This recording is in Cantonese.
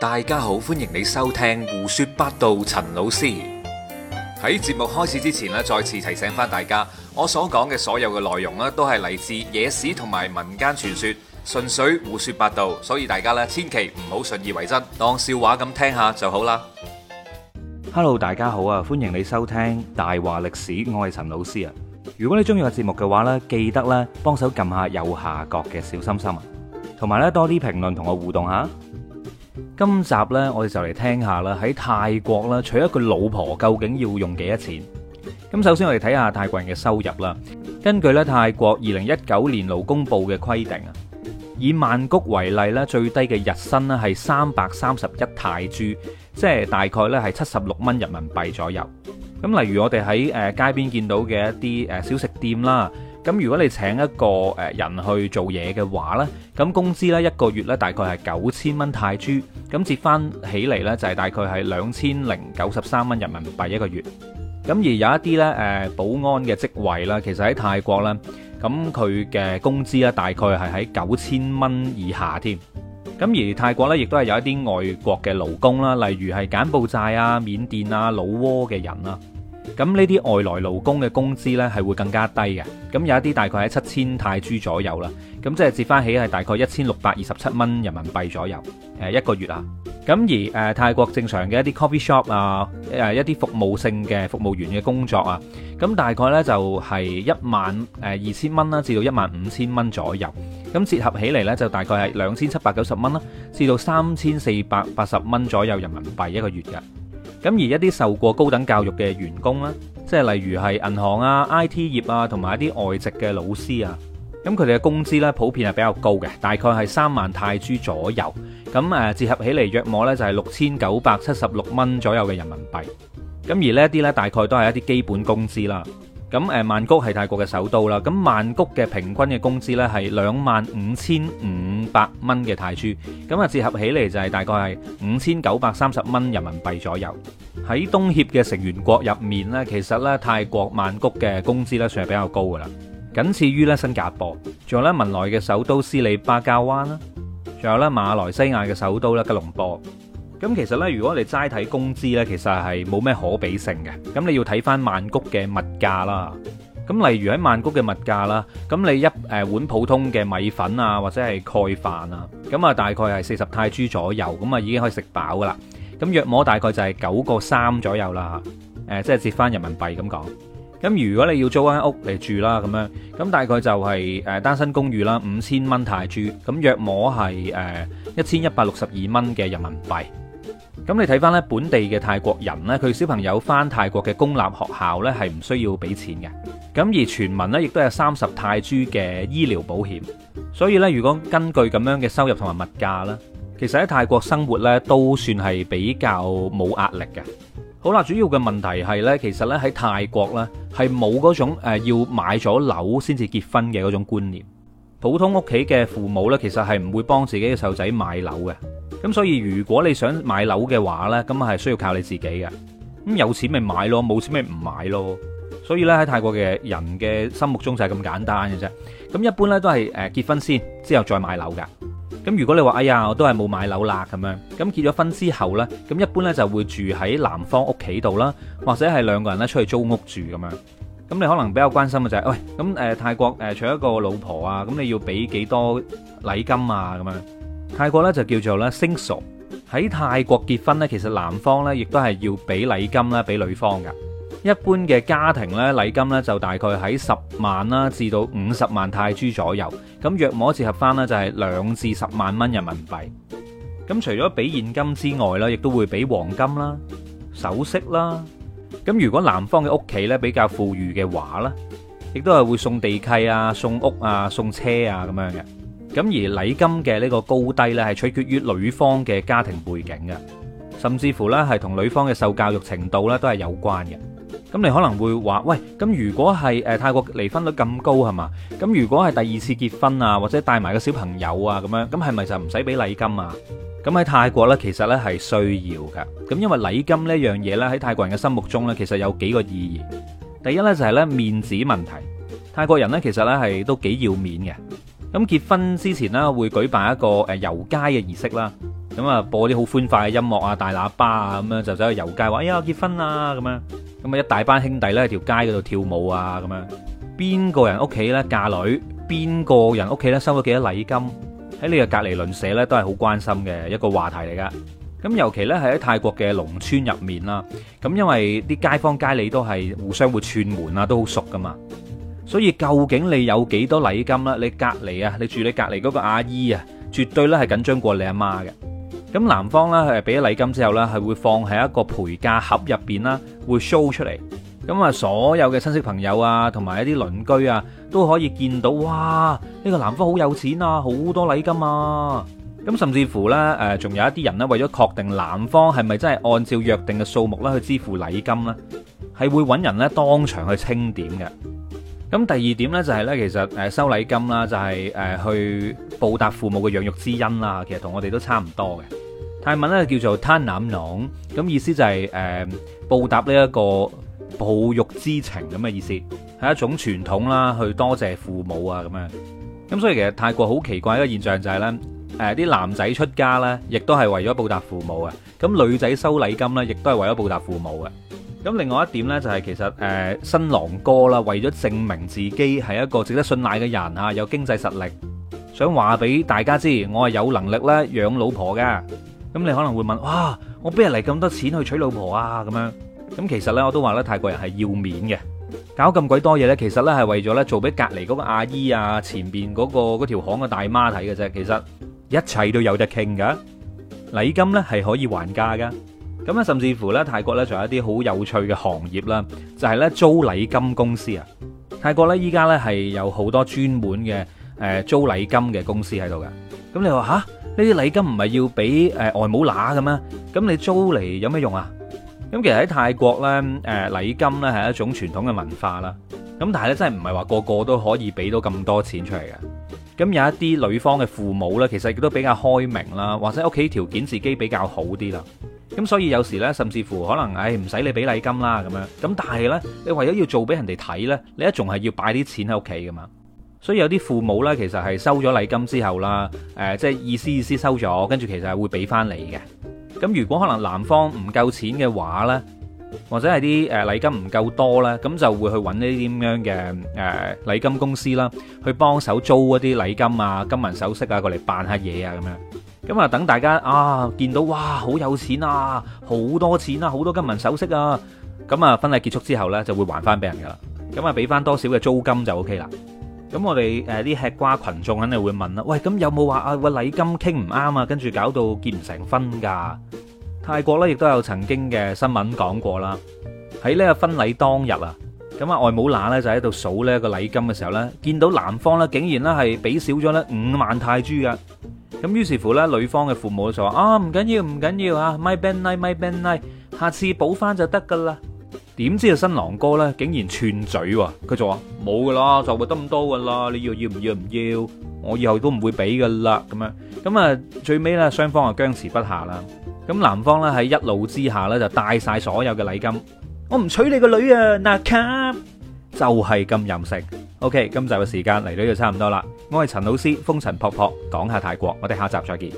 大家好，歡迎你收聽胡說八道。陳老師喺節目開始之前呢，再次提醒翻大家，我所講嘅所有嘅內容呢，都係嚟自野史同埋民間傳說，純粹胡說八道，所以大家呢，千祈唔好信以為真，當笑話咁聽下就好啦。Hello，大家好啊，歡迎你收聽大話歷史，我係陳老師啊。如果你中意個節目嘅話呢，記得呢幫手撳下右下角嘅小心心，啊，同埋呢多啲評論同我互動下。今集呢，我哋就嚟聽下啦。喺泰國啦，娶一個老婆究竟要用幾多錢？咁首先我哋睇下泰國人嘅收入啦。根據咧泰國二零一九年勞工部嘅規定啊，以曼谷為例咧，最低嘅日薪呢係三百三十一泰銖，即係大概呢係七十六蚊人民幣左右。咁例如我哋喺誒街邊見到嘅一啲誒小食店啦。咁如果你請一個誒人去做嘢嘅話咧，咁工資咧一個月咧大概係九千蚊泰銖，咁折翻起嚟咧就係大概係兩千零九十三蚊人民幣一個月。咁而有一啲咧誒保安嘅職位啦，其實喺泰國咧，咁佢嘅工資咧大概係喺九千蚊以下添。咁而泰國咧亦都係有一啲外國嘅勞工啦，例如係柬埔寨啊、緬甸啊、老撾嘅人啊。咁呢啲外來勞工嘅工資呢，係會更加低嘅，咁有一啲大概喺七千泰銖左右啦，咁即係折翻起係大概一千六百二十七蚊人民幣左右，誒一個月啊。咁而誒泰國正常嘅一啲 coffee shop 啊，誒一啲服務性嘅服務員嘅工作啊，咁大概呢就係一萬誒二千蚊啦，至到一萬五千蚊左右。咁折合起嚟呢，就大概係兩千七百九十蚊啦，至到三千四百八十蚊左右人民幣一個月嘅。咁而一啲受過高等教育嘅員工啦，即係例如係銀行啊、IT 業啊，同埋一啲外籍嘅老師啊，咁佢哋嘅工資咧普遍係比較高嘅，大概係三萬泰銖左右。咁誒，折合起嚟約莫咧就係六千九百七十六蚊左右嘅人民幣。咁而呢啲咧，大概都係一啲基本工資啦。咁誒，曼谷係泰國嘅首都啦，咁曼谷嘅平均嘅工資咧係兩萬五千五百蚊嘅泰銖，咁啊折合起嚟就係大概係五千九百三十蚊人民幣左右。喺東協嘅成員國入面咧，其實咧泰國曼谷嘅工資咧算係比較高噶啦，僅次於咧新加坡，仲有咧文萊嘅首都斯里巴加灣啦，仲有咧馬來西亞嘅首都啦吉隆坡。咁其實呢，如果你齋睇工資呢，其實係冇咩可比性嘅。咁你要睇翻曼谷嘅物價啦。咁例如喺曼谷嘅物價啦，咁你一誒碗普通嘅米粉啊，或者係蓋飯啊，咁啊大概係四十泰銖左右，咁啊已經可以食飽㗎喇。咁約莫大概就係九個三左右啦。誒，即係折翻人民幣咁講。咁如果你要租間屋嚟住啦，咁樣咁大概就係誒單身公寓啦，五千蚊泰銖。咁約莫係誒一千一百六十二蚊嘅人民幣。咁你睇翻咧，本地嘅泰國人咧，佢小朋友翻泰國嘅公立學校咧，係唔需要俾錢嘅。咁而全民呢，亦都有三十泰銖嘅醫療保險。所以呢，如果根據咁樣嘅收入同埋物價啦，其實喺泰國生活呢，都算係比較冇壓力嘅。好啦，主要嘅問題係呢，其實呢，喺泰國呢，係冇嗰種要買咗樓先至結婚嘅嗰種觀念。普通屋企嘅父母呢，其實係唔會幫自己嘅細路仔買樓嘅。咁所以如果你想買樓嘅話呢，咁係需要靠你自己嘅。咁有錢咪買咯，冇錢咪唔買咯。所以咧，喺泰國嘅人嘅心目中就係咁簡單嘅啫。咁一般呢，都係誒結婚先，之後再買樓㗎。咁如果你話哎呀，我都係冇買樓啦咁樣，咁結咗婚之後呢，咁一般呢，就會住喺男方屋企度啦，或者係兩個人咧，出去租屋住咁樣。咁你可能比較關心嘅就係、是，喂，咁誒、呃、泰國、呃、娶一個老婆啊，咁你要俾幾多禮金啊？咁樣，泰國呢就叫做呢星索。喺泰國結婚呢，其實男方呢亦都係要俾禮金啦，俾女方㗎。一般嘅家庭呢，禮金呢就大概喺十萬啦至到五十萬泰銖左右。咁若果折合翻呢，就係兩至十萬蚊人民幣。咁除咗俾現金之外呢，亦都會俾黃金啦、首飾啦。咁如果男方嘅屋企呢比較富裕嘅話呢，亦都係會送地契啊、送屋啊、送車啊咁樣嘅。咁而禮金嘅呢個高低呢係取決於女方嘅家庭背景嘅，甚至乎呢係同女方嘅受教育程度呢都係有關嘅。咁你可能會話喂，咁如果係誒泰國離婚率咁高係嘛？咁如果係第二次結婚啊，或者帶埋個小朋友啊咁樣，咁係咪就唔使俾禮金啊？咁喺泰國呢，其實呢係需要嘅。咁因為禮金呢樣嘢呢，喺泰國人嘅心目中呢，其實有幾個意義。第一呢就係呢面子問題。泰國人呢其實呢係都幾要面嘅。咁結婚之前呢會舉辦一個誒遊街嘅儀式啦。咁啊播啲好歡快嘅音樂啊，大喇叭啊咁樣就走去遊街，話哎呀結婚啦咁樣。咁啊一大班兄弟呢喺條街嗰度跳舞啊咁樣。邊個人屋企呢嫁女？邊個人屋企呢收咗幾多禮金？喺你嘅隔離鄰舍咧，都係好關心嘅一個話題嚟噶。咁尤其咧，係喺泰國嘅農村入面啦，咁因為啲街坊街里都係互相會串門啊，都好熟噶嘛。所以究竟你有幾多禮金啦？你隔離啊，你住你隔離嗰個阿姨啊，絕對咧係緊張過你阿媽嘅。咁男方咧，係俾咗禮金之後咧，係會放喺一個陪嫁盒入邊啦，會 show 出嚟。咁啊，所有嘅親戚朋友啊，同埋一啲鄰居啊，都可以見到哇！呢個男方好有錢啊，好多禮金啊。咁甚至乎咧，誒，仲有一啲人咧，為咗確定男方係咪真係按照約定嘅數目咧去支付禮金咧，係會揾人咧當場去清點嘅。咁第二點咧就係咧，其實誒收禮金啦，就係誒去報答父母嘅養育之恩啦。其實同我哋都差唔多嘅泰文咧叫做攤攬囊，咁意思就係誒報答呢一個。報育之情咁嘅意思，係一種傳統啦，去多謝，謝父母啊咁樣。咁、嗯、所以其實泰國好奇怪一個現象就係、是、呢，誒、呃、啲男仔出家呢，亦都係為咗報答父母啊。咁、嗯、女仔收禮金呢，亦都係為咗報答父母嘅。咁、嗯、另外一點呢，就係、是、其實誒、呃、新郎哥啦，為咗證明自己係一個值得信賴嘅人啊，有經濟實力，想話俾大家知，我係有能力咧養老婆嘅。咁、嗯、你可能會問，哇，我邊嚟咁多錢去娶老婆啊咁樣？咁其實咧，我都話咧，泰國人係要面嘅，搞咁鬼多嘢咧，其實咧係為咗咧做俾隔離嗰個阿姨啊，前邊嗰個嗰條巷嘅大媽睇嘅啫。其實一切都有得傾噶，禮金咧係可以還價噶。咁咧，甚至乎咧，泰國咧仲有一啲好有趣嘅行業啦，就係咧租禮金公司啊。泰國咧依家咧係有好多專門嘅誒租禮金嘅公司喺度噶。咁你話嚇，呢啲禮金唔係要俾誒外母乸噶咩？咁你租嚟有咩用啊？咁其實喺泰國咧，誒禮金咧係一種傳統嘅文化啦。咁但係咧，真係唔係話個個都可以俾到咁多錢出嚟嘅。咁有一啲女方嘅父母咧，其實亦都比較開明啦，或者屋企條件自己比較好啲啦。咁所以有時咧，甚至乎可能誒唔使你俾禮金啦咁樣。咁但係咧，你為咗要做俾人哋睇咧，你一仲係要擺啲錢喺屋企㗎嘛。所以有啲父母咧，其實係收咗禮金之後啦，誒即係意思意思收咗，跟住其實係會俾返你嘅。咁如果可能男方唔夠錢嘅話呢，或者係啲誒禮金唔夠多呢，咁就會去揾呢啲咁樣嘅誒禮金公司啦，去幫手租嗰啲禮金啊、金銀首飾啊，過嚟扮下嘢啊咁樣。咁啊等大家啊見到哇好有錢啊，好多錢啊，好多金銀首飾啊，咁啊婚禮結束之後呢就會還翻俾人噶啦，咁啊俾翻多少嘅租金就 OK 啦。咁我哋誒啲吃瓜羣眾肯定會問啦，喂，咁有冇話啊個禮金傾唔啱啊，跟住搞到結唔成婚噶？泰國咧亦都有曾經嘅新聞講過啦，喺呢個婚禮當日啊，咁啊外母乸咧就喺度數呢個禮金嘅時候咧，見到男方咧竟然咧係俾少咗咧五萬泰銖噶，咁於是乎咧女方嘅父母就話啊唔緊要唔緊要啊，mai pen rai，mai pen rai，下次補翻就得㗎啦。點知個新郎哥咧，竟然串嘴喎！佢就話冇噶啦，就會得咁多噶啦，你要要唔要唔要？我以後都唔會俾噶啦，咁樣咁啊，最尾咧，雙方啊僵持不下啦。咁男方咧喺一怒之下咧，就帶曬所有嘅禮金，我唔娶你個女啊！那卡就係咁任性。OK，今集嘅時間嚟到就差唔多啦。我係陳老師，風塵僕僕講下泰國，我哋下集再見。